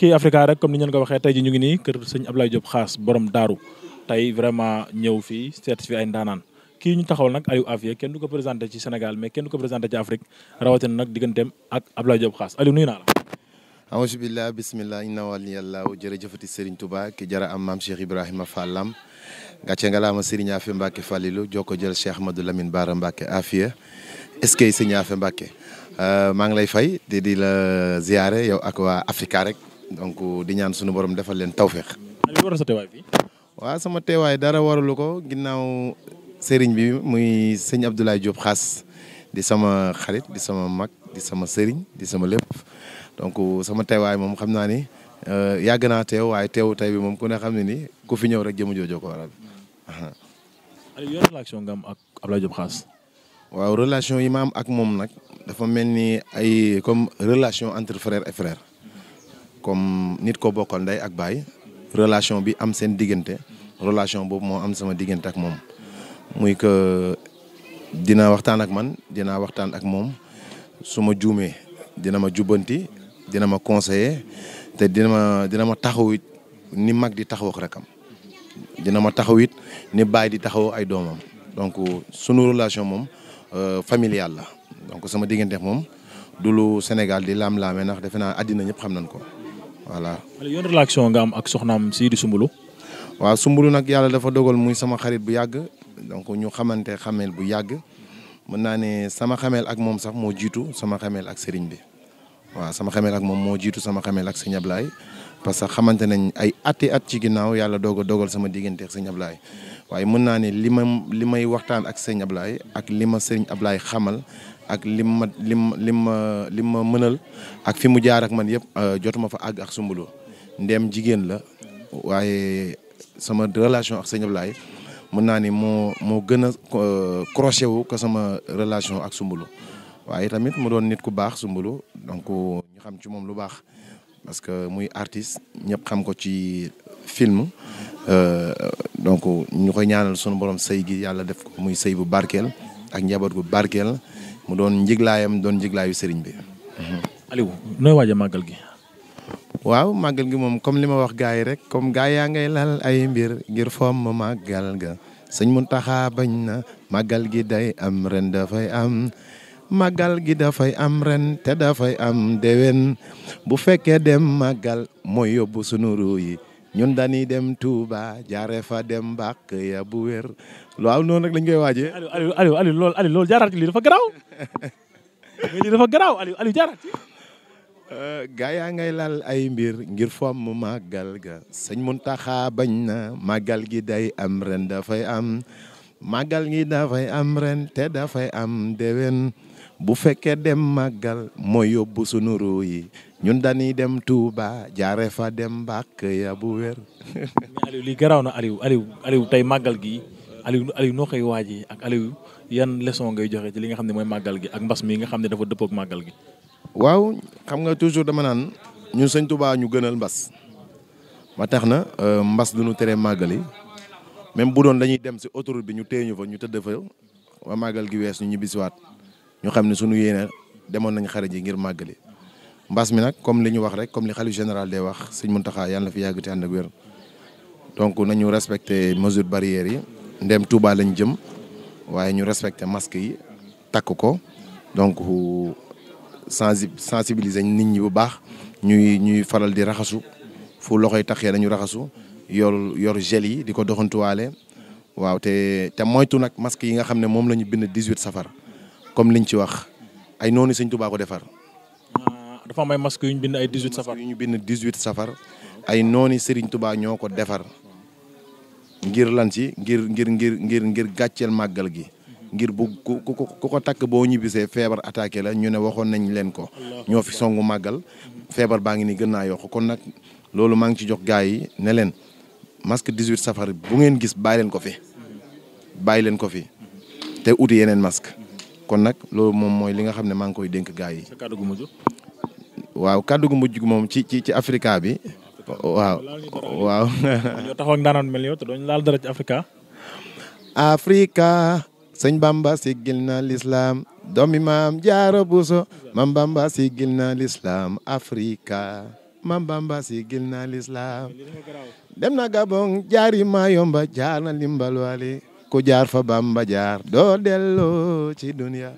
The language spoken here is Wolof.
kii Africa rek comme ni ngeen ko waxee tey ji ñu ngi nii kër sëñ Ablaye Diop xaas borom daaru tey vraiment ñëw fii certifié ay ndaanaan kii ñu taxawal nag Aliou Afia kenn du ko présenté ci Sénégal mais kenn du ko présenté ci Afrique rawatina nag digganteem ak Ablaye Diop xaas Aliou nuyu naa la. aouzu billah bismillah inna waliyallahu jërëjëfati Serigne Touba ki jara am maam Cheikh Ibrahima Fallam gàcce nga laama Serigne Afia Mbacke Fallilu jokko jël Cheikh Ahmadou Lamine Bara Mbacke Afia est-ce que Serigne Afia Mbacke euh, maa ngi lay fay di di la ziare yow ak waa Africa donc di ñaan suñu borom defal leen tawféex. li war sa waaw sama teewaay dara waralu ko ginnaaw sëriñ bi muy sëñ Abdoulaye Diop xaas di sama xarit di sama mag di sama sëriñ di sama lépp donc sama teewaay moom xam naa ni euh, yàgg naa teew waaye teewu tey bi moom ku ne xam ne ni ku fi ñëw rek jëmu joojo ko waral. Uh-huh. Aliou yow relation nga ak waaw relation yi ma ak moom nag dafa mel ni ay comme relation entre frère et frère. comme nit ko bokkal ndey ak baay relation bi am seen diggante relation boobu moo am sama diggante ak moom muy que dina waxtaan ak man dina waxtaan ak moom su ma juumee dina ma jubbanti dina ma conseiller te dina ma dina ma taxaw ni mag di taxaw ak rakam dina ma taxaw it ni baay di taxaw ay doomam donc sunu relation moom euh, familiale la donc sama diggante moom du lu Sénégal di laam-laamee ndax defe naa àddina ñëpp xam nañ ko. voilà. yoon nga am ak soxnaam si di Soumboulou. waaw Soumboulou nag yàlla dafa dogal muy sama xarit bu yàgg donc ñu xamante xameel bu yàgg mën naa ne sama xameel ak moom sax moo jiitu sama xameel ak sëriñ bi waaw sama xameel ak moom moo jiitu sama xameel ak sëñ parce que xamante nañ ay atti at ci ginnaaw yàlla doog a dogal sama diggante ak sëñ Ablaye waaye mën naa ne li ma li may waxtaan ak sëñ Ablaye ak li ma sëriñ Ablaye xamal ak lim ma lim lim ma lim ma mënal ak fi mu jaar ak man yëpp euh, jotuma fa àgg ak Soumboulou ndeem jigéen la waaye sama relation ak sëñ Ablaye mën naa ni moo moo gën a euh, croché wu ko sama relation ak Soumboulou waaye tamit mu doon nit ku baax Soumboulou donc ñu xam ci moom lu baax parce que muy artiste ñëpp xam ko ci film euh, donc ñu koy ñaanal sunu borom sëy gi yàlla def ko muy sëy bu barkeel ak njaboot gu barkeel mu doon njiglaayam doon njiglaayu sëriñ bi. nooy waaj a màggal gi. waaw màggal gi moom comme lima wax gars yi rek comme gars yaa ngay lal ay mbir ngir fomm màggal ga sëñ Muntaxa bañ na màggal gi day am ren dafay am màggal gi dafay am ren te dafay am déwén bu fekkee dem màggal mooy yóbbu sunu ruu yi. ñun dañuy dem Touba jaaree fa dem mbàkk ya bu wér waaw noonu rek lañ koy waajee. Aliou Aliou Aliou loolu Aliou loolu dafa garaaw lii dafa garaaw Aliou Aliou jaaraat euh, yaa ngay lal ay mbir ngir fom màggal ga sëñ Muntaxa bañ na màggal gi day am ren dafay am màggal gi dafay am ren te dafay am déwén. bu fekkee dem màggal mooy yóbbu sunu ruu yi ñun dañuy dem Touba jaare fa dem mbàkk ya bu weer mais Aliou lii garaaw na Aliou Aliou Aliou tey màggal gi Aliou Aliou noo koy waajee ak Aliou yan leçon ngay joxe ci li nga xam ne mooy màggal gi ak mbas mi nga xam ne dafa dëppoo ak màggal gi. waaw xam nga toujours dama naan ñun sëñ Touba ñu gënal mbas ba tax na euh, mbas du nu tere màggal yi même bu doon dañuy dem si autoroute bi ñu teeñu ñu fa ñu tëdd fa ba màggal gi wees ñu ñibbisiwaat. ñu xam ne suñu yéene demoon nañ xare ji ngir màggali mbas mi nag comme li ñu wax rek comme li xalifa général day wax sëñ Muntaxa yàlla na fi yàgg te ànd ak wér nañu respecté mesures barrières yi ndem Touba lañ jëm waaye ñu respecté masque yi takk ko donc sensi sensibiliser nit ñi bu baax ñuy ñuy faral di raxasu fu loxoy taxee nañu raxasu yor yor gel yi di ko doxantuwaale waaw te te moytu nag masque yi nga xam ne moom la ñu bind 18 safar comme liñ ci wax ay noonu sëñ Tuubaa ko defar. Ah, dafa am ay masques yu ñu bind ay 18 safar yu ñu bind 18 safar ay nooni Serigne Touba ñoo ko defar ngir lan ci ngir ngir ngir ngir ngir gàcceel màggal gi ngir bu ku ko takk boo ñibbisee feebar attaque la ñu ne waxoon nañ leen ko ñoo fi songu màggal feebar baa ngi ni gën naa yokk kon nag loolu maa ngi ci jox gars yi ne leen masque 18 safar bu ngeen gis bàyyi leen ko fi bàyyi leen ko fi te uti yeneen masque kon nag loolu moom mooy li nga xam ne maa ngi koy dénk gars yi. gu mujj. waaw kàddu gu mujj moom ci ci ci Africa bi. waaw waaw. ñoo taxaw ak daanaka mel yow te dooñu laal dara Africa. Africa. sëñ Bamba siggil na lislaam doomi maam jaara buso maam Bamba siggil na lislaam Afrika maam Bamba siggil na lislaam dem na Gabon jaari Mayomba jaar na Limbal Wali ku jaar fa Bamba jaar doo delloo ci dunya